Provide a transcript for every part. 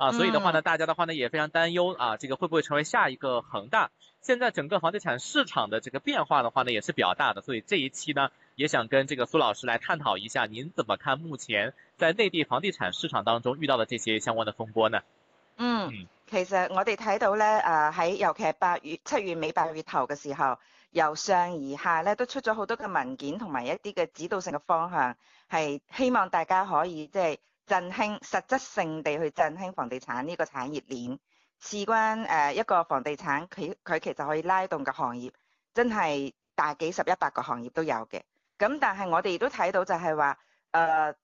啊，所以的話呢，大家的話呢也非常擔憂啊，這個會不會成為下一個恆大？現在整個房地產市場的這個變化的話呢也是比較大的，所以這一期呢也想跟這個蘇老師來探討一下，您怎麼看目前在內地房地產市場當中遇到的這些相關的風波呢？嗯，嗯，其實我哋睇到呢，呃喺尤其係八月、七月尾、八月頭嘅時候，由上而下呢，都出咗好多嘅文件同埋一啲嘅指導性嘅方向，係希望大家可以在、就是振興實質性地去振興房地產呢個產業鏈，事關誒一個房地產佢佢其實可以拉動嘅行業真係大幾十一百個行業都有嘅。咁但係我哋都睇到就係話誒，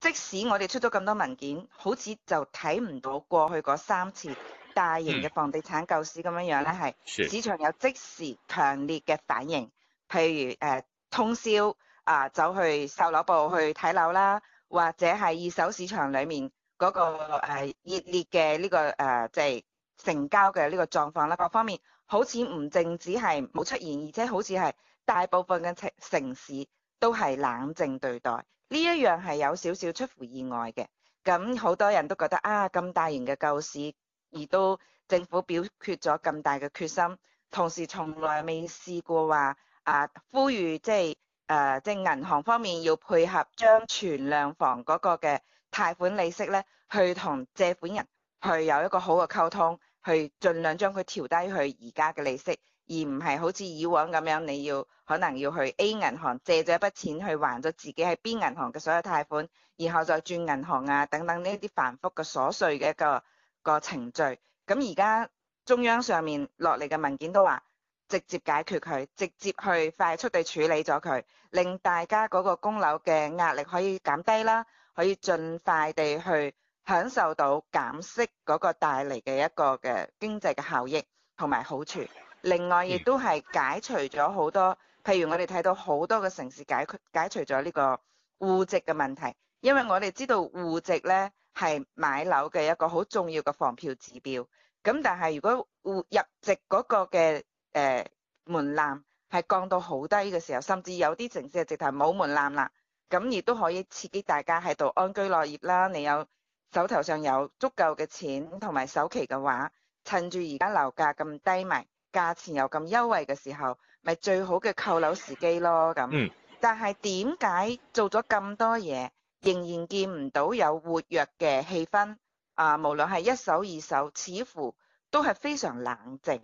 即使我哋出咗咁多文件，好似就睇唔到過去嗰三次大型嘅房地產救市咁樣樣咧，係市場有即時強烈嘅反應，譬如誒、呃、通宵啊、呃，走去售樓部去睇樓啦。或者係二手市場裡面嗰個誒熱烈嘅呢、這個誒，即、呃、係、就是、成交嘅呢個狀況啦，各方面好似唔淨止係冇出現，而且好似係大部分嘅城城市都係冷靜對待，呢一樣係有少少出乎意外嘅。咁好多人都覺得啊，咁大型嘅救市，而都政府表決咗咁大嘅決心，同時從來未試過話啊，呼籲即係。就是誒、呃，即係銀行方面要配合，將存量房嗰個嘅貸款利息咧，去同借款人去有一個好嘅溝通，去盡量將佢調低去而家嘅利息，而唔係好似以往咁樣，你要可能要去 A 銀行借咗一筆錢去還咗自己喺 B 銀行嘅所有貸款，然後再轉銀行啊等等呢啲繁複嘅瑣碎嘅一個一個程序。咁而家中央上面落嚟嘅文件都話。直接解決佢，直接去快速地處理咗佢，令大家嗰個供樓嘅壓力可以減低啦，可以盡快地去享受到減息嗰個帶嚟嘅一個嘅經濟嘅效益同埋好處。另外，亦都係解除咗好多，譬如我哋睇到好多嘅城市解決解除咗呢個戶籍嘅問題，因為我哋知道戶籍呢係買樓嘅一個好重要嘅房票指標。咁但係如果戶入籍嗰個嘅誒、呃，門檻係降到好低嘅時候，甚至有啲城市直頭冇門檻啦，咁亦都可以刺激大家喺度安居樂業啦。你有手頭上有足夠嘅錢同埋首期嘅話，趁住而家樓價咁低迷，價錢又咁優惠嘅時候，咪、就是、最好嘅購樓時機咯。咁，嗯、但係點解做咗咁多嘢，仍然見唔到有活躍嘅氣氛？啊，無論係一手二手，似乎都係非常冷靜。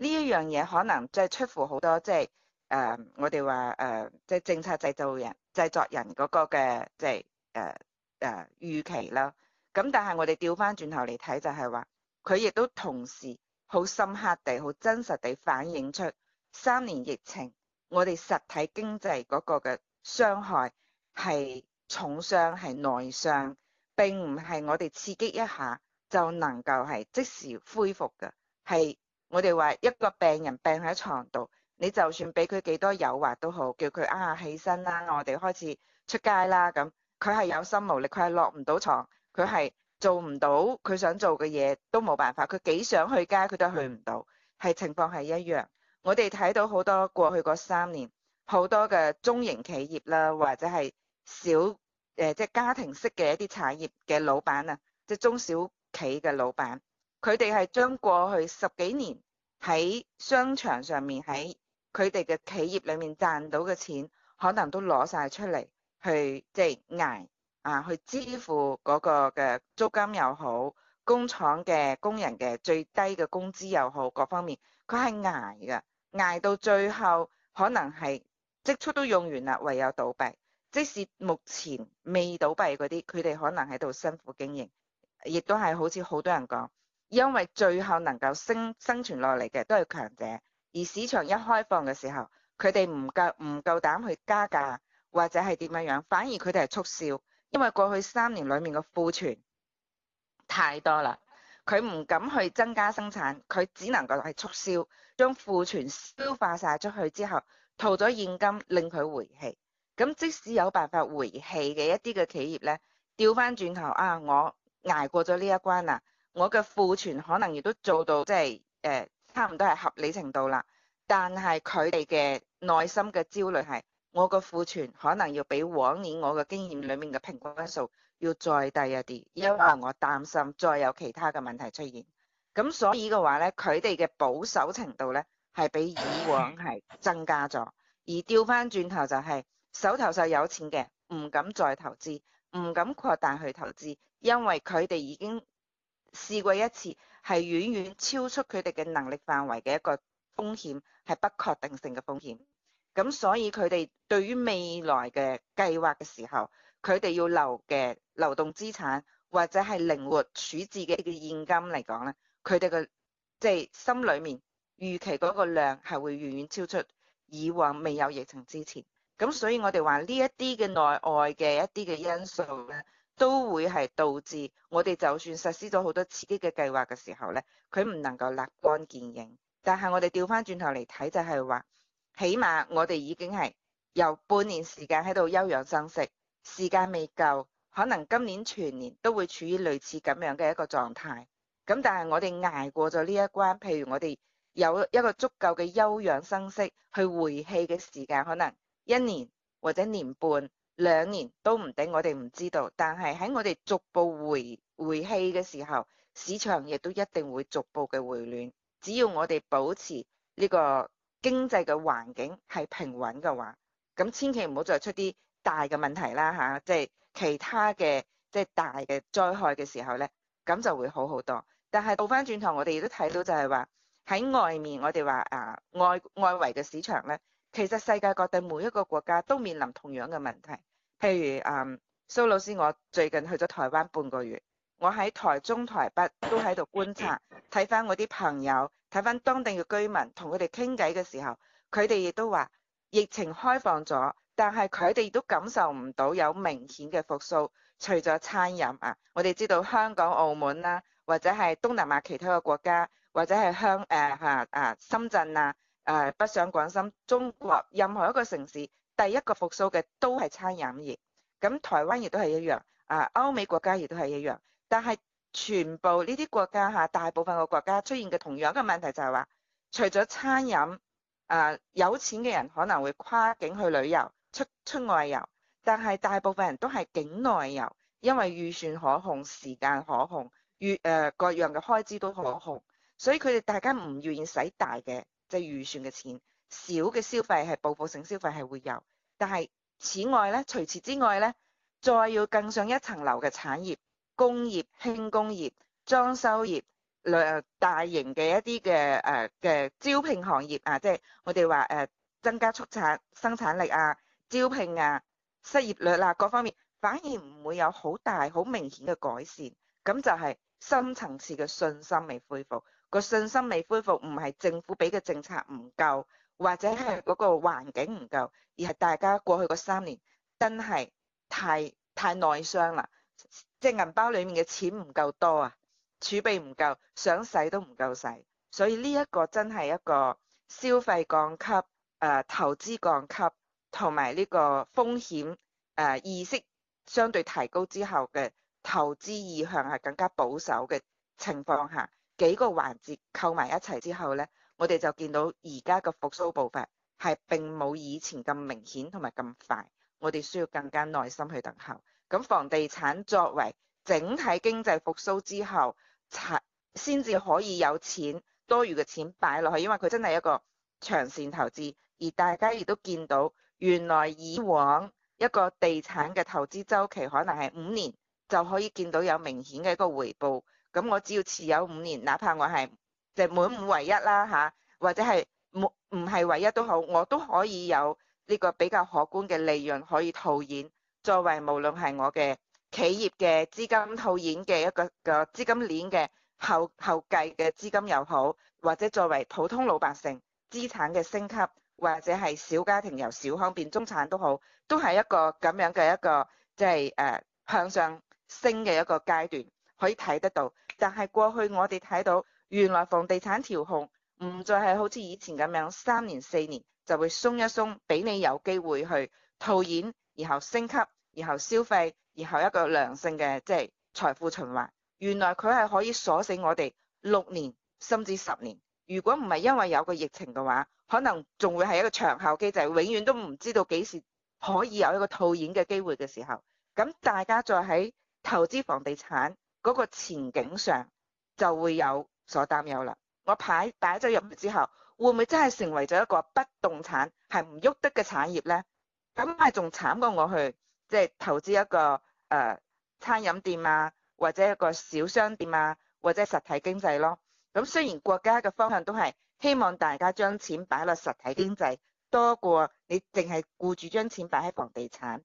呢一樣嘢可能即係出乎好多即係誒，uh, 我哋話誒，即，uh, 係政策製造人、製作人嗰個嘅即係誒誒預期啦。咁但係我哋調翻轉頭嚟睇，就係話佢亦都同時好深刻地、好真實地反映出三年疫情我哋實體經濟嗰個嘅傷害係重傷、係內傷，並唔係我哋刺激一下就能夠係即時恢復嘅，係。我哋話一個病人病喺床度，你就算俾佢幾多誘惑都好，叫佢啊起身啦，我哋開始出街啦咁，佢係有心無力，佢係落唔到床，佢係做唔到佢想做嘅嘢，都冇辦法。佢幾想去街，佢都去唔到。係情況係一樣。我哋睇到好多過去嗰三年，好多嘅中型企業啦，或者係小誒即係家庭式嘅一啲產業嘅老闆啊，即係中小企嘅老闆。佢哋係將過去十幾年喺商場上面，喺佢哋嘅企業裏面賺到嘅錢，可能都攞晒出嚟去即係挨啊，去支付嗰個嘅租金又好，工廠嘅工人嘅最低嘅工資又好，各方面佢係捱㗎，捱到最後可能係積蓄都用完啦，唯有倒閉。即使目前未倒閉嗰啲，佢哋可能喺度辛苦經營，亦都係好似好多人講。因為最後能夠生生存落嚟嘅都係強者，而市場一開放嘅時候，佢哋唔夠唔夠膽去加價或者係點樣樣，反而佢哋係促銷，因為過去三年裏面嘅庫存太多啦，佢唔敢去增加生產，佢只能夠係促銷，將庫存消化晒出去之後，套咗現金令佢回氣。咁即使有辦法回氣嘅一啲嘅企業呢，調翻轉頭啊，我挨過咗呢一關啦。我嘅庫存可能亦都做到即係誒差唔多係合理程度啦，但係佢哋嘅內心嘅焦慮，係我個庫存可能要比往年我嘅經驗裏面嘅平均分數要再低一啲，因為我擔心再有其他嘅問題出現。咁所以嘅話咧，佢哋嘅保守程度咧係比以往係增加咗。而調翻轉頭，就係手頭上有錢嘅，唔敢再投資，唔敢擴大去投資，因為佢哋已經。試過一次係遠遠超出佢哋嘅能力範圍嘅一個風險，係不確定性嘅風險。咁所以佢哋對於未來嘅計劃嘅時候，佢哋要留嘅流動資產或者係靈活處置嘅嘅現金嚟講咧，佢哋嘅即係心裏面預期嗰個量係會遠遠超出以往未有疫情之前。咁所以我哋話呢一啲嘅內外嘅一啲嘅因素咧。都會係導致我哋就算實施咗好多刺激嘅計劃嘅時候，呢佢唔能夠立竿見影。但係我哋調翻轉頭嚟睇就係話，起碼我哋已經係由半年時間喺度休養生息，時間未夠，可能今年全年都會處於類似咁樣嘅一個狀態。咁但係我哋捱過咗呢一關，譬如我哋有一個足夠嘅休養生息去回氣嘅時間，可能一年或者年半。兩年都唔頂，我哋唔知道。但係喺我哋逐步回回氣嘅時候，市場亦都一定會逐步嘅回暖。只要我哋保持呢個經濟嘅環境係平穩嘅話，咁千祈唔好再出啲大嘅問題啦吓。即係，啊，其他嘅即係大嘅災害嘅時候呢，咁就會好好多。但係倒翻轉頭，我哋亦都睇到就係話喺外面，我哋話啊外外圍嘅市場呢，其實世界各地每一個國家都面臨同樣嘅問題。譬如嗯，蘇老師，我最近去咗台灣半個月，我喺台中、台北都喺度觀察，睇翻我啲朋友，睇翻當地嘅居民，同佢哋傾偈嘅時候，佢哋亦都話疫情開放咗，但係佢哋都感受唔到有明顯嘅復蘇，除咗餐飲啊，我哋知道香港、澳門啦，或者係東南亞其他嘅國家，或者係香誒嚇啊深圳啊誒北上廣深，中國任何一個城市。第一個復蘇嘅都係餐飲業，咁台灣亦都係一樣，啊，歐美國家亦都係一樣，但係全部呢啲國家吓，大部分嘅國家出現嘅同樣一個問題就係話，除咗餐飲，啊，有錢嘅人可能會跨境去旅遊，出出外遊，但係大部分人都係境內遊，因為預算可控，時間可控，預誒各樣嘅開支都可控，所以佢哋大家唔願意使大嘅即係預算嘅錢。少嘅消費係報復性消費係會有，但係此外咧，除此之外咧，再要更上一層樓嘅產業、工業、輕工業、裝修業、量大型嘅一啲嘅誒嘅招聘行業啊，即係我哋話誒增加速產生產力啊、招聘啊、失業率啊各方面，反而唔會有好大好明顯嘅改善。咁就係深層次嘅信心未恢復，個信心未恢復，唔係政府俾嘅政策唔夠。或者係嗰個環境唔夠，而係大家過去嗰三年真係太太內傷啦，即係銀包裡面嘅錢唔夠多啊，儲備唔夠，想使都唔夠使，所以呢一個真係一個消費降級、誒投資降級同埋呢個風險誒、呃、意識相對提高之後嘅投資意向係更加保守嘅情況下，幾個環節扣埋一齊之後呢。我哋就見到而家個復甦步伐係並冇以前咁明顯同埋咁快，我哋需要更加耐心去等候。咁房地產作為整體經濟復甦之後，才先至可以有錢，多餘嘅錢擺落去，因為佢真係一個長線投資。而大家亦都見到，原來以往一個地產嘅投資周期可能係五年，就可以見到有明顯嘅一個回報。咁我只要持有五年，哪怕我係。就滿五唯一啦吓，或者係唔係唯一都好，我都可以有呢個比較可觀嘅利潤可以套現，作為無論係我嘅企業嘅資金套現嘅一個個資金鏈嘅後後繼嘅資金又好，或者作為普通老百姓資產嘅升級，或者係小家庭由小康變中產都好，都係一個咁樣嘅一個即係誒向上升嘅一個階段可以睇得到。但係過去我哋睇到。原來房地產調控唔再係好似以前咁樣三年四年就會鬆一鬆，俾你有機會去套現，然後升級，然後消費，然後一個良性嘅即係財富循環。原來佢係可以鎖死我哋六年甚至十年。如果唔係因為有個疫情嘅話，可能仲會係一個長效機制，永遠都唔知道幾時可以有一個套現嘅機會嘅時候。咁大家再喺投資房地產嗰個前景上就會有。所擔憂啦，我擺擺咗入去之後，會唔會真係成為咗一個不動產係唔喐得嘅產業呢？咁咪仲慘過我去即係、就是、投資一個誒、呃、餐飲店啊，或者一個小商店啊，或者實體經濟咯。咁雖然國家嘅方向都係希望大家將錢擺落實體經濟多過你淨係顧住將錢擺喺房地產，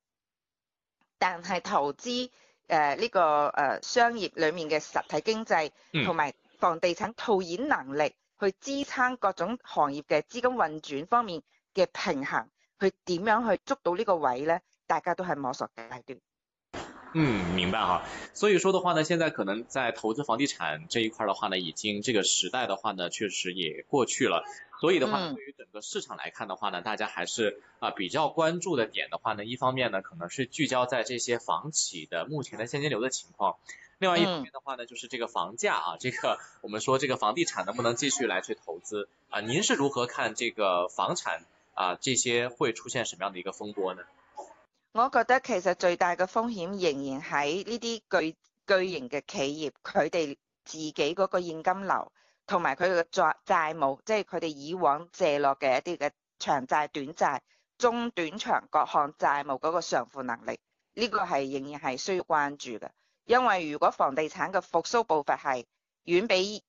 但係投資誒呢、呃這個誒、呃、商業裡面嘅實體經濟同埋。房地產套現能力去支撐各種行業嘅資金運轉方面嘅平衡，去點樣去捉到呢個位呢？大家都係摸索階段。嗯，明白啊。所以說的話呢，現在可能在投資房地產這一塊的話呢，已經這個時代的話呢，確實也過去了。所以的話，嗯、對於整個市場來看的話呢，大家還是啊比較關注的點的話呢，一方面呢，可能是聚焦在這些房企的目前的現金流的情況。另外一方面的話呢，就是這個房價啊，這個我們說這個房地產能不能繼續來去投資啊？您是如何看這個房產啊？這些會出現什麼樣的一個風波呢？我覺得其實最大嘅風險仍然喺呢啲巨巨型嘅企業，佢哋自己嗰個現金流同埋佢嘅債債務，即係佢哋以往借落嘅一啲嘅長債短債、中短長各項債務嗰個償付能力，呢個係仍然係需要關注嘅。因為如果房地產嘅復蘇步伐係遠比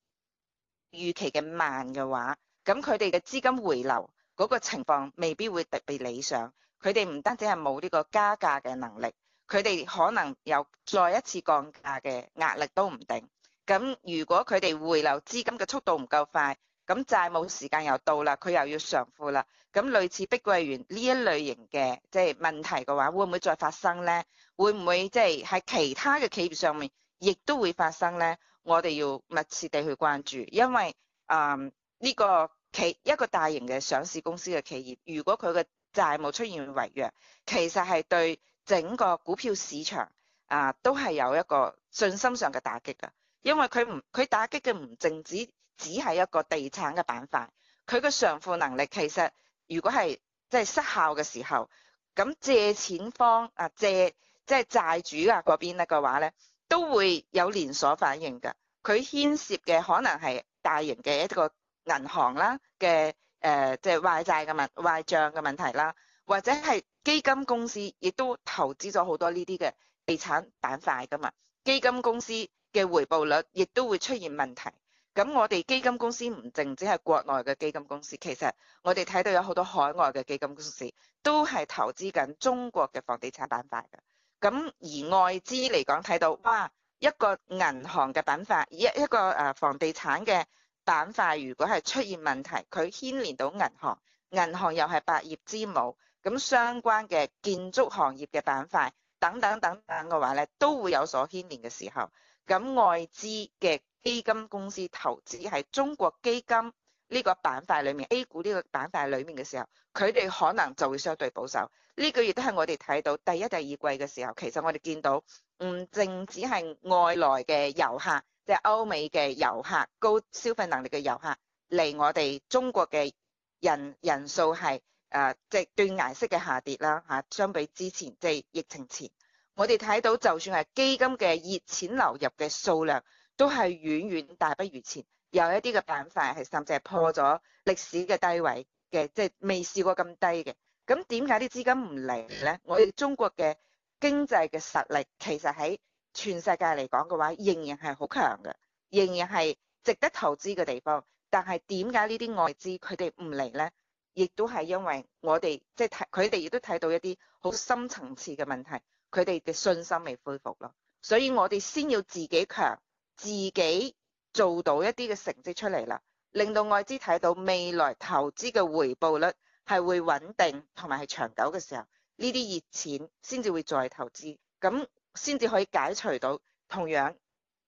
預期嘅慢嘅話，咁佢哋嘅資金回流嗰個情況未必會特別理想。佢哋唔單止係冇呢個加價嘅能力，佢哋可能有再一次降價嘅壓力都唔定。咁如果佢哋回流資金嘅速度唔夠快，咁債務時間又到啦，佢又要償付啦。咁類似碧桂園呢一類型嘅即係問題嘅話，會唔會再發生呢？會唔會即係喺其他嘅企業上面亦都會發生呢？我哋要密切地去關注，因為啊呢、嗯呢個企一個大型嘅上市公司嘅企業，如果佢嘅債務出現違約，其實係對整個股票市場啊都係有一個信心上嘅打擊㗎，因為佢唔佢打擊嘅唔淨止。只係一個地產嘅板塊，佢嘅償付能力其實如果係即係失效嘅時候，咁借錢方啊借即係債主啊嗰邊咧嘅話咧，都會有連鎖反應噶。佢牽涉嘅可能係大型嘅一個銀行啦嘅誒，即係壞債嘅問壞賬嘅問題啦，或者係基金公司亦都投資咗好多呢啲嘅地產板塊噶嘛，基金公司嘅回報率亦都會出現問題。咁我哋基金公司唔淨止係國內嘅基金公司，其實我哋睇到有好多海外嘅基金公司都係投資緊中國嘅房地產板塊嘅。咁而外資嚟講，睇到哇，一個銀行嘅板塊，一一個誒房地產嘅板塊，如果係出現問題，佢牽連到銀行，銀行又係百業之母，咁相關嘅建築行業嘅板塊等等等等嘅話咧，都會有所牽連嘅時候。咁外資嘅基金公司投資喺中國基金呢個板塊裏面 A 股呢個板塊裏面嘅時候，佢哋可能就會相對保守。呢個月都係我哋睇到第一、第二季嘅時候，其實我哋見到唔淨只係外來嘅遊客，即係歐美嘅遊客，高消費能力嘅遊客嚟我哋中國嘅人人數係誒即係斷崖式嘅下跌啦嚇，相比之前即係疫情前。我哋睇到，就算係基金嘅熱錢流入嘅數量，都係遠遠大不如前。有一啲嘅板塊係甚至係破咗歷史嘅低位嘅，即係未試過咁低嘅。咁點解啲資金唔嚟呢？我哋中國嘅經濟嘅實力，其實喺全世界嚟講嘅話，仍然係好強嘅，仍然係值得投資嘅地方。但係點解呢啲外資佢哋唔嚟呢？亦都係因為我哋即係睇，佢哋亦都睇到一啲好深層次嘅問題。佢哋嘅信心未恢復咯，所以我哋先要自己強，自己做到一啲嘅成績出嚟啦，令到外資睇到未來投資嘅回報率係會穩定同埋係長久嘅時候，呢啲熱錢先至會再投資，咁先至可以解除到。同樣，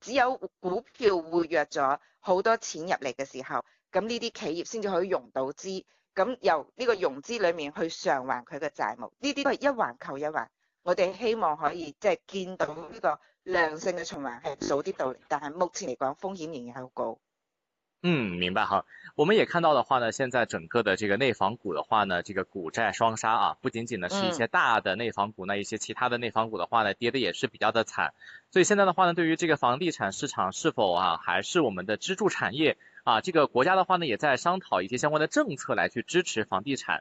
只有股票活躍咗好多錢入嚟嘅時候，咁呢啲企業先至可以融到資，咁由呢個融資裏面去償還佢嘅債務，呢啲都係一環扣一環。我哋希望可以即係見到呢個良性嘅循環係早啲到嚟，但係目前嚟講風險仍然係好高。嗯，明白哈。我們也看到的話呢，現在整個的這個內房股的話呢，這個股債雙殺啊，不僅僅呢是一些大的內房股，那、嗯、一些其他的內房股的話呢，跌得也是比較的慘。所以現在的話呢，對於這個房地產市場是否啊，還是我們的支柱產業啊，這個國家的話呢，也在商討一些相關的政策來去支持房地產。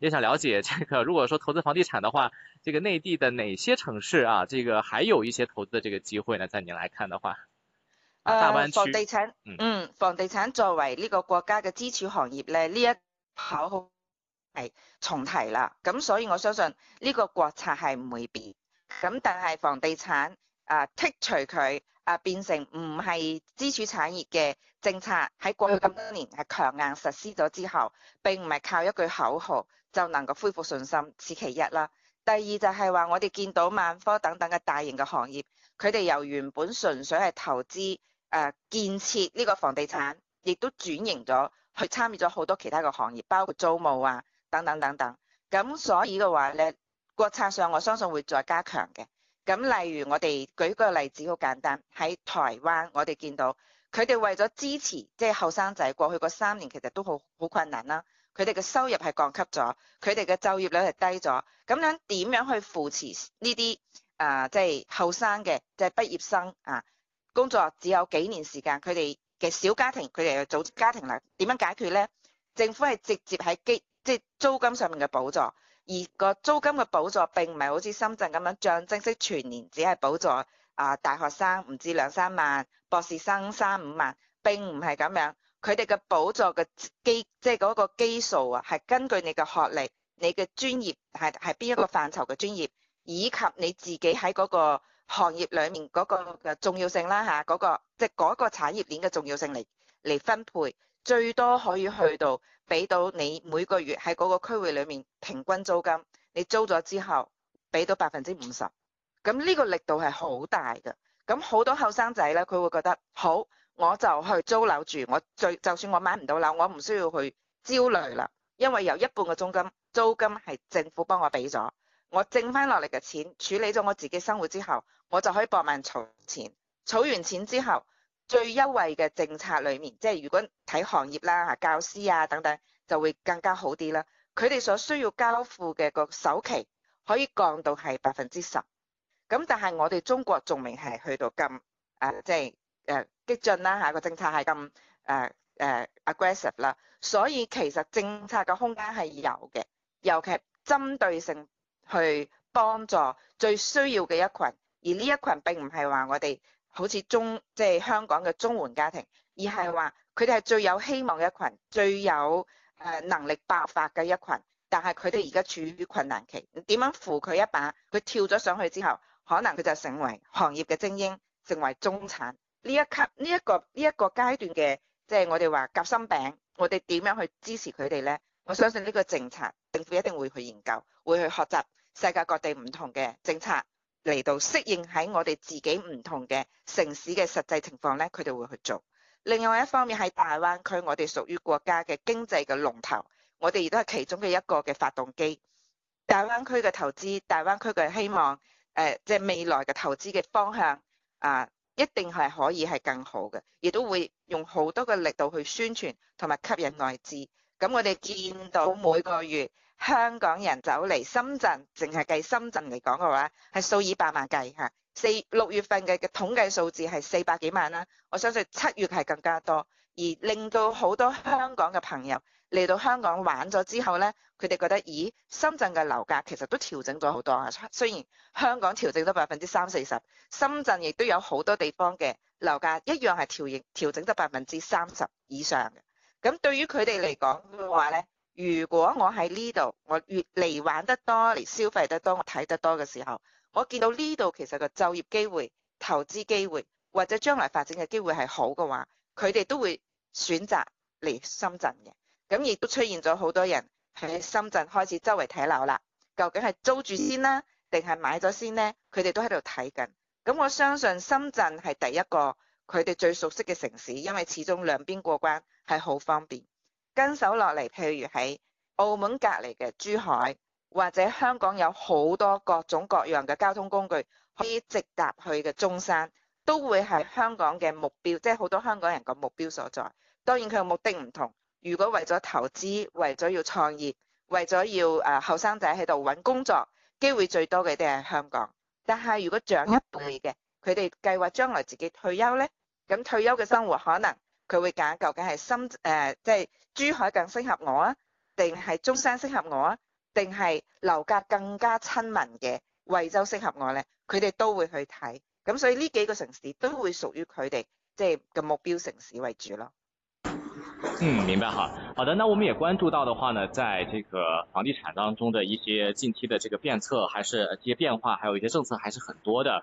也想了解，這個如果說投資房地產的話，這個內地的哪些城市啊，這個還有一些投資的這個機會呢？在你來看的話，誒、啊呃，房地產，嗯，房地產作為呢個國家嘅支柱行業咧，呢一跑好係重提啦，咁所以我相信呢個國策係唔會變，咁但係房地產。啊剔除佢啊，變成唔係支柱產業嘅政策，喺過去咁多年係強硬實施咗之後，並唔係靠一句口號就能夠恢復信心，此其一啦。第二就係話，我哋見到萬科等等嘅大型嘅行業，佢哋由原本純粹係投資誒、啊、建設呢個房地產，亦都轉型咗去參與咗好多其他嘅行業，包括租務啊等等等等。咁所以嘅話咧，國策上我相信會再加強嘅。咁例如我哋舉個例子，好簡單。喺台灣，我哋見到佢哋為咗支持，即係後生仔過去嗰三年其實都好好困難啦。佢哋嘅收入係降級咗，佢哋嘅就業率係低咗。咁樣點樣去扶持呢啲啊，即係後生嘅即係畢業生啊，工作只有幾年時間，佢哋嘅小家庭，佢哋又組織家庭啦，點樣解決咧？政府係直接喺基即係、就是、租金上面嘅補助。而個租金嘅補助並唔係好似深圳咁樣象徵式全年，只係補助啊大學生唔止兩三萬，博士生三五萬，並唔係咁樣。佢哋嘅補助嘅基即係嗰個基數啊，係根據你嘅學歷、你嘅專業係係邊一個範疇嘅專業，以及你自己喺嗰個行業裡面嗰個嘅重要性啦嚇，嗰個即係嗰個產業鏈嘅重要性嚟嚟分配。最多可以去到俾到你每個月喺嗰個區域裏面平均租金，你租咗之後俾到百分之五十，咁呢個力度係好大嘅。咁好多後生仔咧，佢會覺得好，我就去租樓住，我最就算我買唔到樓，我唔需要去焦慮啦，因為有一半嘅租金租金係政府幫我俾咗，我剩翻落嚟嘅錢處理咗我自己生活之後，我就可以搏命儲錢，儲完錢之後。最優惠嘅政策裏面，即係如果睇行業啦嚇，教師啊等等，就會更加好啲啦。佢哋所需要交付嘅個首期可以降到係百分之十。咁但係我哋中國仲未係去到咁啊，即係誒激進啦嚇，個政策係咁誒誒 aggressive 啦。所以其實政策嘅空間係有嘅，尤其係針對性去幫助最需要嘅一群，而呢一群並唔係話我哋。好似中即係、就是、香港嘅綜援家庭，而係話佢哋係最有希望嘅一群，最有誒能力爆發嘅一群，但係佢哋而家處於困難期，點樣扶佢一把？佢跳咗上去之後，可能佢就成為行業嘅精英，成為中產呢一級呢一個呢一個階段嘅，即、就、係、是、我哋話夾心餅，我哋點樣去支持佢哋咧？我相信呢個政策，政府一定會去研究，會去學習世界各地唔同嘅政策。嚟到適應喺我哋自己唔同嘅城市嘅實際情況呢，佢哋會去做。另外一方面喺大灣區，我哋屬於國家嘅經濟嘅龍頭，我哋亦都係其中嘅一個嘅發動機。大灣區嘅投資，大灣區嘅希望，誒、呃，即係未來嘅投資嘅方向啊、呃，一定係可以係更好嘅，亦都會用好多嘅力度去宣傳同埋吸引外資。咁我哋見到每個月，香港人走嚟深圳，淨係計深圳嚟講嘅話，係數以百萬計嚇。四六月份嘅嘅統計數字係四百幾萬啦，我相信七月係更加多。而令到好多香港嘅朋友嚟到香港玩咗之後呢，佢哋覺得，咦，深圳嘅樓價其實都調整咗好多啊。雖然香港調整咗百分之三四十，深圳亦都有好多地方嘅樓價一樣係調調整咗百分之三十以上嘅。咁對於佢哋嚟講嘅話呢。如果我喺呢度，我越嚟玩得多，嚟消費得多，我睇得多嘅時候，我見到呢度其實個就業機會、投資機會或者將來發展嘅機會係好嘅話，佢哋都會選擇嚟深圳嘅。咁亦都出現咗好多人喺深圳開始周圍睇樓啦。究竟係租住先啦，定係買咗先呢？佢哋都喺度睇緊。咁我相信深圳係第一個佢哋最熟悉嘅城市，因為始終兩邊過關係好方便。跟手落嚟，譬如喺澳門隔籬嘅珠海或者香港，有好多各種各樣嘅交通工具可以直達去嘅中山，都會係香港嘅目標，即係好多香港人個目標所在。當然佢嘅目的唔同，如果為咗投資、為咗要創業、為咗要誒後生仔喺度搵工作，機會最多嘅都係香港。但係如果長一輩嘅，佢哋計劃將來自己退休呢，咁退休嘅生活可能。佢會揀究竟係深誒，即、呃、係、就是、珠海更適合我啊，定係中山適合我啊，定係樓價更加親民嘅惠州適合我咧？佢哋都會去睇，咁所以呢幾個城市都會屬於佢哋即係嘅目標城市為主咯。嗯，明白哈。好的，那我們也關注到的話呢，在這個房地產當中的一些近期的這個變策，還是一些變化，還有一些政策，還是很多的。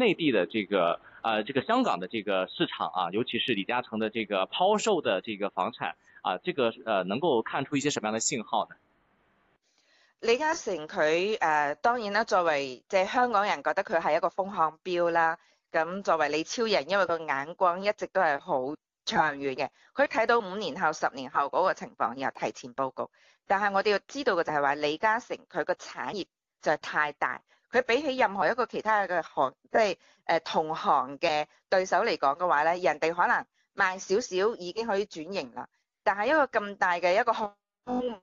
內地的這個，呃，這個香港的這個市場啊，尤其是李嘉誠的這個拋售的這個房產啊、呃，這個呃，能夠看出一些什麼樣的信號呢？李嘉誠佢誒、呃，當然啦，作為即係香港人覺得佢係一個風向標啦。咁作為李超人，因為個眼光一直都係好長遠嘅，佢睇到五年後、十年後嗰個情況然後提前報告。但係我哋要知道嘅就係話，李嘉誠佢個產業就係太大。佢比起任何一個其他嘅行，即係誒同行嘅對手嚟講嘅話咧，人哋可能慢少少已經可以轉型啦。但係一個咁大嘅一個空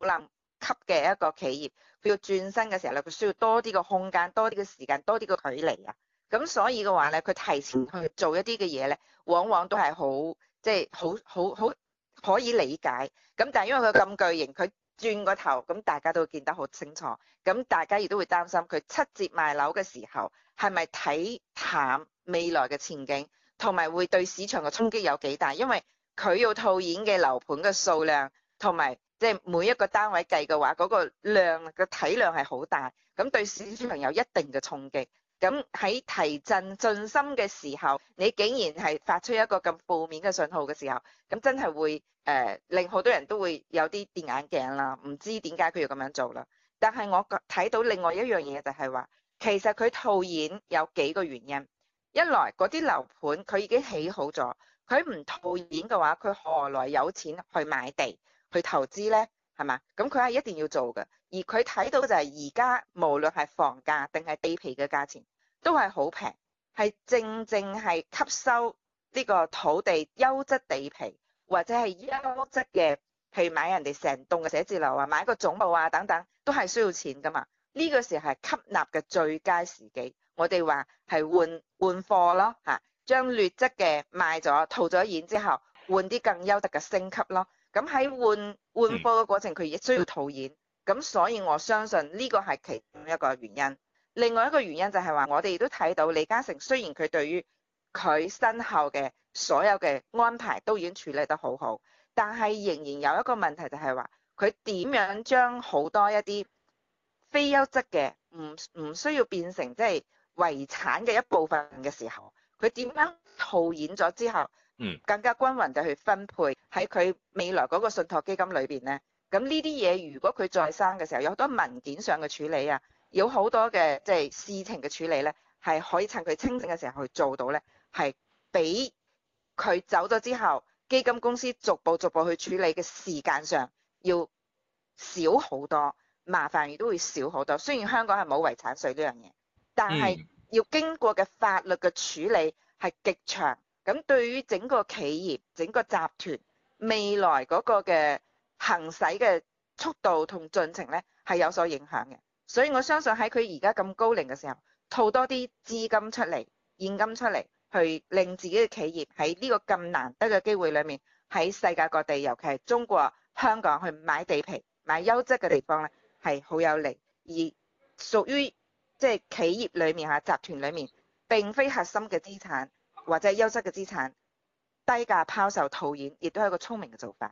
能級嘅一個企業，佢要轉身嘅時候咧，佢需要多啲嘅空間、多啲嘅時間、多啲嘅距離啊。咁所以嘅話咧，佢提前去做一啲嘅嘢咧，往往都係好即係好好好可以理解。咁但係因為佢咁巨型，佢。轉個頭咁，大家都見得好清楚。咁大家亦都會擔心，佢七折賣樓嘅時候，係咪睇淡未來嘅前景，同埋會對市場嘅衝擊有幾大？因為佢要套現嘅樓盤嘅數量，同埋即係每一個單位計嘅話，嗰個量嘅體量係好大，咁對市場有一定嘅衝擊。咁喺提振信心嘅時候，你竟然係發出一個咁負面嘅信號嘅時候，咁真係會誒、呃、令好多人都會有啲跌眼鏡啦，唔知點解佢要咁樣做啦。但係我覺睇到另外一樣嘢就係話，其實佢套現有幾個原因。一來嗰啲樓盤佢已經起好咗，佢唔套現嘅話，佢何來有錢去買地去投資呢？係嘛？咁佢係一定要做嘅。而佢睇到就係而家，無論係房價定係地皮嘅價錢，都係好平，係正正係吸收呢個土地優質地皮或者係優質嘅，譬如買人哋成棟嘅寫字樓啊，買一個總部啊等等，都係需要錢噶嘛。呢、這個時係吸納嘅最佳時機。我哋話係換換貨咯，吓將劣質嘅賣咗，套咗現之後，換啲更優質嘅升級咯。咁喺換換貨嘅過程，佢亦需要套現。咁所以我相信呢個係其中一個原因。另外一個原因就係話，我哋亦都睇到李嘉誠雖然佢對於佢身後嘅所有嘅安排都已經處理得好好，但係仍然有一個問題就係話，佢點樣將好多一啲非優質嘅唔唔需要變成即係、就是、遺產嘅一部分嘅時候，佢點樣套現咗之後，嗯，更加均勻地去分配喺佢未來嗰個信託基金裏邊咧？咁呢啲嘢，如果佢在生嘅時候，有好多文件上嘅處理啊，有好多嘅即係事情嘅處理咧，係可以趁佢清醒嘅時候去做到咧，係比佢走咗之後基金公司逐步逐步去處理嘅時間上要少好多，麻煩亦都會少好多。雖然香港係冇遺產稅呢樣嘢，但係要經過嘅法律嘅處理係極長，咁對於整個企業整個集團未來嗰個嘅行使嘅速度同進程咧係有所影響嘅，所以我相信喺佢而家咁高齡嘅時候，套多啲資金出嚟，現金出嚟，去令自己嘅企業喺呢個咁難得嘅機會裏面，喺世界各地，尤其係中國、香港去買地皮、買優質嘅地方咧，係好有利。而屬於即係企業裏面吓集團裏面，並非核心嘅資產或者優質嘅資產，低價拋售套現，亦都係一個聰明嘅做法。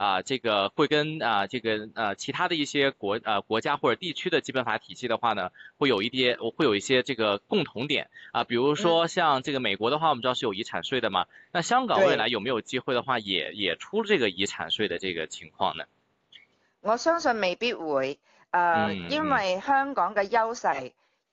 啊，這個會跟啊，這個啊，其他的一些國啊國家或者地區的基本法體系的話呢，會有一啲會有一些這個共同點啊，比如說像這個美國的話，我們知道是有遺產稅的嘛，那香港未來有沒有機會的話，也也出這個遺產稅的這個情況呢？我相信未必會，誒、呃，因為香港嘅優勢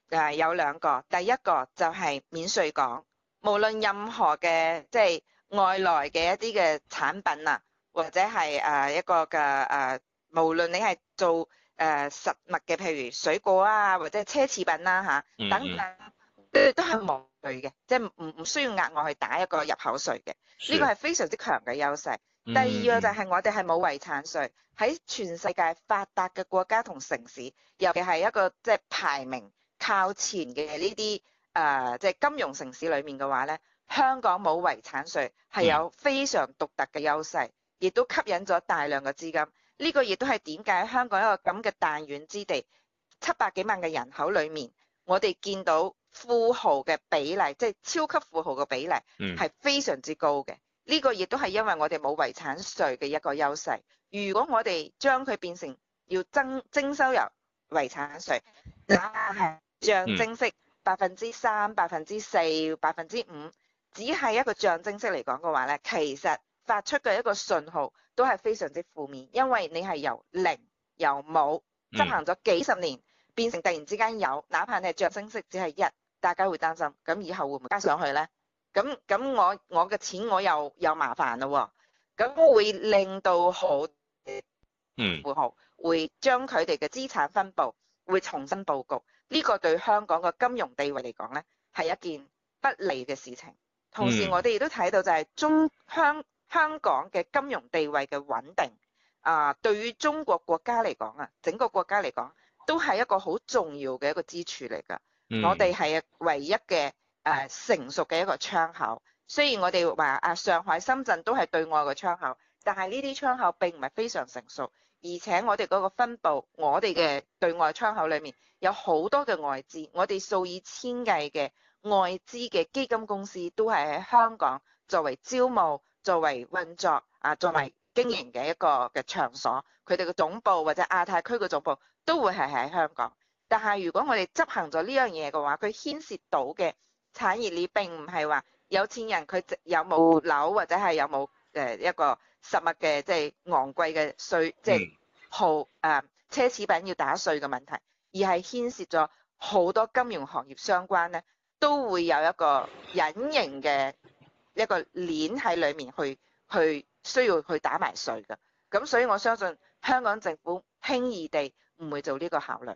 誒有兩個，第一個就係免稅港，無論任何嘅即係外來嘅一啲嘅產品啊。或者係誒一個嘅誒，無論你係做誒、呃、實物嘅，譬如水果啊，或者奢侈品啦、啊、嚇，啊 mm hmm. 等等，都都係無稅嘅，即係唔唔需要額外去打一個入口稅嘅。呢個係非常之強嘅優勢。Mm hmm. 第二個就係我哋係冇遺產稅，喺全世界發達嘅國家同城市，尤其係一個即係排名靠前嘅呢啲誒，即、呃、係、就是、金融城市裏面嘅話咧，香港冇遺產稅係有非常獨特嘅優勢。Mm hmm. 亦都吸引咗大量嘅資金，呢個亦都係點解香港一個咁嘅彈丸之地，七百幾萬嘅人口裏面，我哋見到富豪嘅比例，即係超級富豪嘅比例，係非常之高嘅。呢個亦都係因為我哋冇遺產稅嘅一個優勢。如果我哋將佢變成要徵徵收入遺產稅，嗱，係象徵式，百分之三、百分之四、百分之五，只係一個象徵式嚟講嘅話咧，其實。發出嘅一個信號都係非常之負面，因為你係由零由冇執行咗幾十年，變成突然之間有，哪怕你着升息只係一，大家會擔心，咁以後會唔會加上去咧？咁咁我我嘅錢我又有麻煩咯，哦，咁會令到好嗯富豪會將佢哋嘅資產分佈會重新布局，呢，這個對香港嘅金融地位嚟講咧係一件不利嘅事情。同時我哋亦都睇到就係中香。香港嘅金融地位嘅穩定啊、呃，對於中國國家嚟講啊，整個國家嚟講都係一個好重要嘅一個支柱嚟噶。Mm. 我哋係唯一嘅誒、呃、成熟嘅一個窗口。雖然我哋話啊，上海、深圳都係對外嘅窗口，但係呢啲窗口並唔係非常成熟，而且我哋嗰個分布，我哋嘅對外窗口裏面有好多嘅外資，我哋數以千計嘅外資嘅基金公司都係喺香港作為招募。作為運作啊，作為經營嘅一個嘅場所，佢哋嘅總部或者亞太區嘅總部都會係喺香港。但係如果我哋執行咗呢樣嘢嘅話，佢牽涉到嘅產業鏈並唔係話有錢人佢有冇樓或者係有冇誒一個實物嘅即係昂貴嘅稅，即係耗誒奢侈品要打稅嘅問題，而係牽涉咗好多金融行業相關咧，都會有一個隱形嘅。一個鏈喺裏面去去需要去打埋稅噶，咁所以我相信香港政府輕易地唔會做呢個考慮。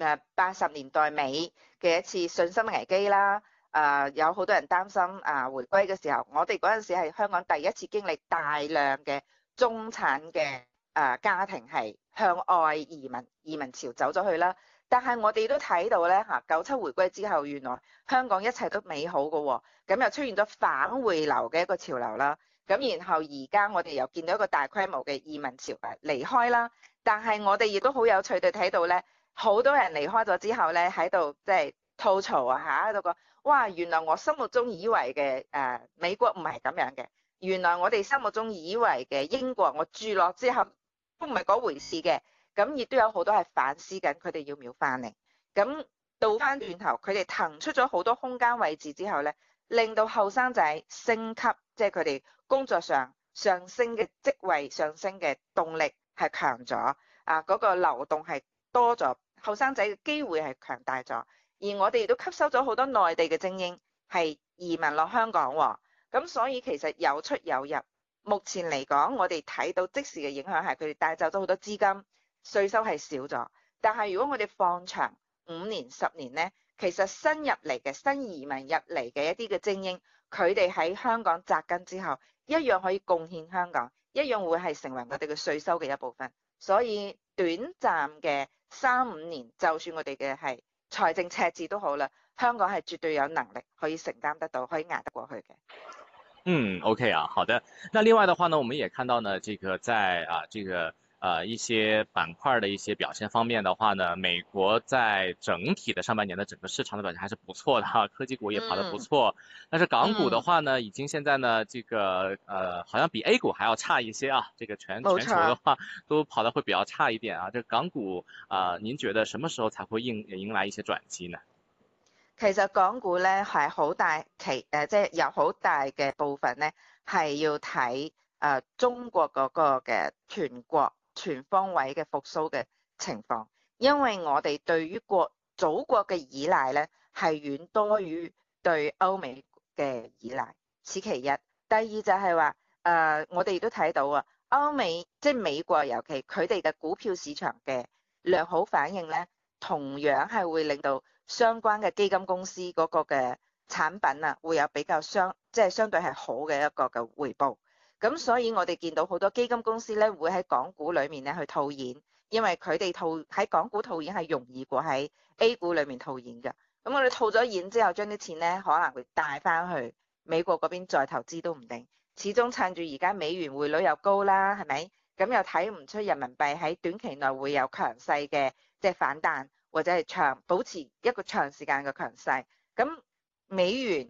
誒，八十年代尾嘅一次信心危機啦，誒，有好多人擔心啊，回歸嘅時候，我哋嗰陣時係香港第一次經歷大量嘅中產嘅誒家庭係向外移民，移民潮走咗去啦。但係我哋都睇到咧吓，九七回歸之後，原來香港一切都美好噶啊，咁又出現咗反回流嘅一個潮流啦。咁然後而家我哋又見到一個大規模嘅移民潮離開啦。但係我哋亦都好有趣地睇到咧。好多人離開咗之後咧，喺度即係吐槽啊嚇，喺度講哇，原來我心目中以為嘅誒、呃、美國唔係咁樣嘅，原來我哋心目中以為嘅英國，我住落之後都唔係嗰回事嘅。咁亦都有好多係反思緊，佢哋要唔要翻嚟？咁倒翻轉頭，佢哋騰出咗好多空間位置之後咧，令到後生仔升級，即係佢哋工作上上升嘅職位、上升嘅動力係強咗啊，嗰、嗰個流動係多咗。後生仔嘅機會係強大咗，而我哋亦都吸收咗好多內地嘅精英係移民落香港喎，咁所以其實有出有入。目前嚟講，我哋睇到即時嘅影響係佢哋帶走咗好多資金，稅收係少咗。但係如果我哋放長五年、十年呢，其實新入嚟嘅新移民入嚟嘅一啲嘅精英，佢哋喺香港扎根之後，一樣可以貢獻香港，一樣會係成為我哋嘅稅收嘅一部分。所以，短暫嘅三五年，就算我哋嘅係財政赤字都好啦，香港係絕對有能力可以承擔得到，可以捱得過去嘅。嗯，OK 啊，好的。那另外嘅話呢，我們也看到呢，這個在啊，這個。啊、呃，一些板塊的一些表現方面的話呢，美國在整體的上半年的整個市場的表現還是不錯的哈、啊，科技股也跑得不錯。嗯、但是港股的話呢，已經現在呢，這個，呃，好像比 A 股還要差一些啊。這個全全球的話都跑得會比較差一點啊。啊這港股，啊、呃，您覺得什麼時候才會應迎，迎來一些轉機呢？其實港股呢，係好大其誒，即、呃係、有好大嘅部分呢，係要睇，誒、呃，中國嗰個嘅全國全方位嘅復蘇嘅情況，因為我哋對於國祖國嘅依賴咧係遠多於對歐美嘅依賴，此其一。第二就係話，誒、呃，我哋亦都睇到啊，歐美即係美國，尤其佢哋嘅股票市場嘅良好反應咧，同樣係會令到相關嘅基金公司嗰個嘅產品啊，會有比較相即係、就是、相對係好嘅一個嘅回報。咁所以，我哋見到好多基金公司咧，會喺港股裏面咧去套現，因為佢哋套喺港股套現係容易過喺 A 股裏面套現㗎。咁我哋套咗現之後，將啲錢咧可能會帶翻去美國嗰邊再投資都唔定。始終趁住而家美元匯率又高啦，係咪？咁又睇唔出人民幣喺短期內會有強勢嘅，即係反彈，或者係長保持一個長時間嘅強勢。咁美元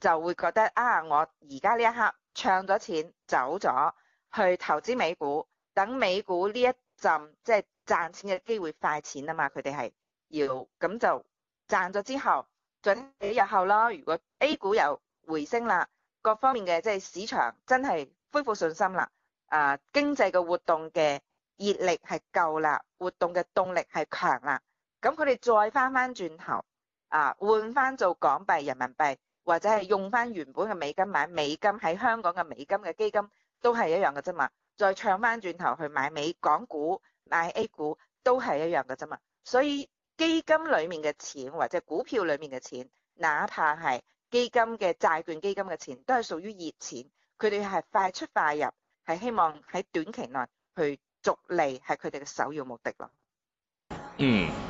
就會覺得啊，我而家呢一刻，唱咗錢走咗去投資美股，等美股呢一陣即係賺錢嘅機會快錢啊嘛，佢哋係要咁就賺咗之後，再聽幾日後啦。如果 A 股又回升啦，各方面嘅即係市場真係恢復信心啦，啊經濟嘅活動嘅熱力係夠啦，活動嘅動力係強啦，咁佢哋再翻翻轉頭啊，換翻做港幣、人民幣。或者係用翻原本嘅美金買美金，喺香港嘅美金嘅基金都係一樣嘅啫嘛。再唱翻轉頭去買美港股、買 A 股都係一樣嘅啫嘛。所以基金裡面嘅錢或者股票裡面嘅錢，哪怕係基金嘅債券基金嘅錢，都係屬於熱錢。佢哋係快出快入，係希望喺短期內去逐利，係佢哋嘅首要目的咯。嗯。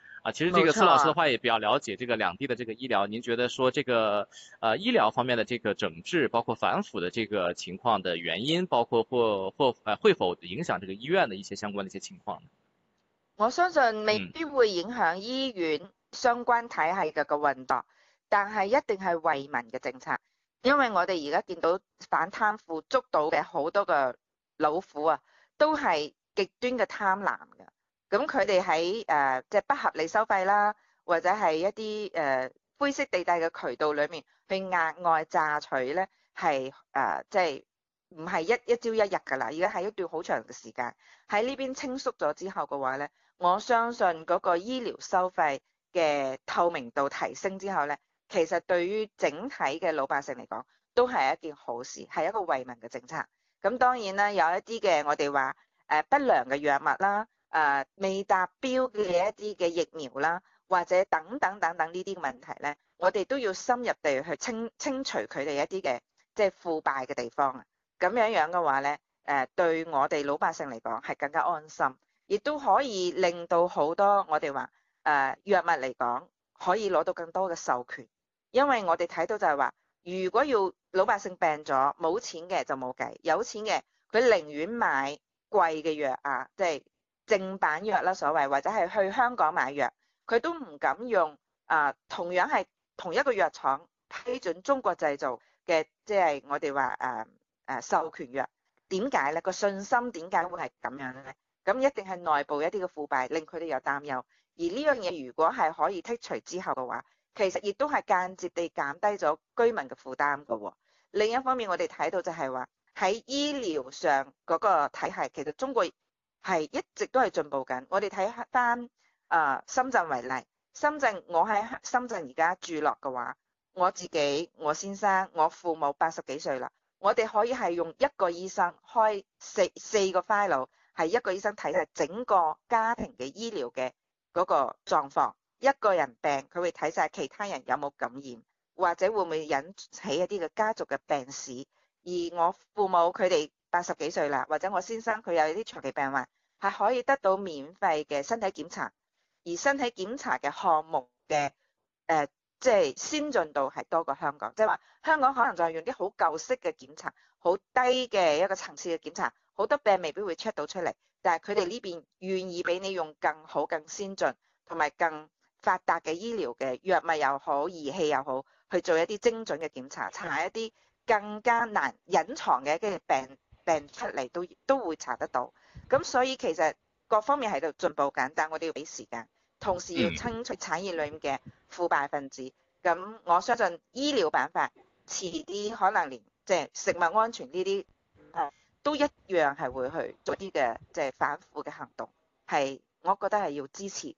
啊，其實這個蘇老師的話，也比較了解這個兩地的這個醫療。您覺得說這個，呃，醫療方面的這個整治，包括反腐的這個情況的原因，包括或或，呃，會否影響這個醫院的一些相關的一些情況？我相信未必會影響醫院相關體系嘅個運作，嗯、但係一定係惠民嘅政策，因為我哋而家見到反貪腐捉到嘅好多個老虎啊，都係極端嘅貪婪㗎。咁佢哋喺誒即係不合理收費啦，或者係一啲誒、呃、灰色地帶嘅渠道裏面去額外榨取咧，係誒即係唔係一一朝一日㗎啦，而家係一段好長嘅時間。喺呢邊清縮咗之後嘅話咧，我相信嗰個醫療收費嘅透明度提升之後咧，其實對於整體嘅老百姓嚟講都係一件好事，係一個惠民嘅政策。咁當然啦，有一啲嘅我哋話誒不良嘅藥物啦。誒，未達標嘅一啲嘅疫苗啦，或者等等等等呢啲問題咧，我哋都要深入地去清清除佢哋一啲嘅即係腐敗嘅地方啊。咁樣樣嘅話咧，誒、呃，對我哋老百姓嚟講係更加安心，亦都可以令到好多我哋話誒藥物嚟講可以攞到更多嘅授權，因為我哋睇到就係話，如果要老百姓病咗冇錢嘅就冇計，有錢嘅佢寧願買貴嘅藥啊，即係。正版藥啦，所謂或者係去香港買藥，佢都唔敢用。啊、呃，同樣係同一個藥廠批准中國製造嘅，即係我哋話誒誒授權藥，點解咧？個信心點解會係咁樣咧？咁一定係內部一啲嘅腐敗令佢哋有擔憂。而呢樣嘢如果係可以剔除之後嘅話，其實亦都係間接地減低咗居民嘅負擔㗎喎。另一方面，我哋睇到就係話喺醫療上嗰個體系，其實中國係一直都係進步緊。我哋睇翻啊深圳為例，深圳我喺深圳而家住落嘅話，我自己、我先生、我父母八十幾歲啦。我哋可以係用一個醫生開四四個 file，係一個醫生睇晒整個家庭嘅醫療嘅嗰個狀況。一個人病，佢會睇晒其他人有冇感染，或者會唔會引起一啲嘅家族嘅病史。而我父母佢哋。八十幾歲啦，或者我先生佢有啲長期病患，係可以得到免費嘅身體檢查，而身體檢查嘅項目嘅誒，即係先進度係多過香港。即係話香港可能就係用啲好舊式嘅檢查，好低嘅一個層次嘅檢查，好多病未必會 check 到出嚟。但係佢哋呢邊願意俾你用更好、更先進同埋更發達嘅醫療嘅藥物又好、儀器又好去做一啲精準嘅檢查，查一啲更加難隱藏嘅一啲病。出嚟都都會查得到，咁所以其實各方面喺度進步簡單，我哋要俾時間，同時要清除產業裏面嘅腐敗分子。咁我相信醫療辦法遲啲可能連即係、就是、食物安全呢啲，都一樣係會去做啲嘅即係反腐嘅行動，係我覺得係要支持嘅。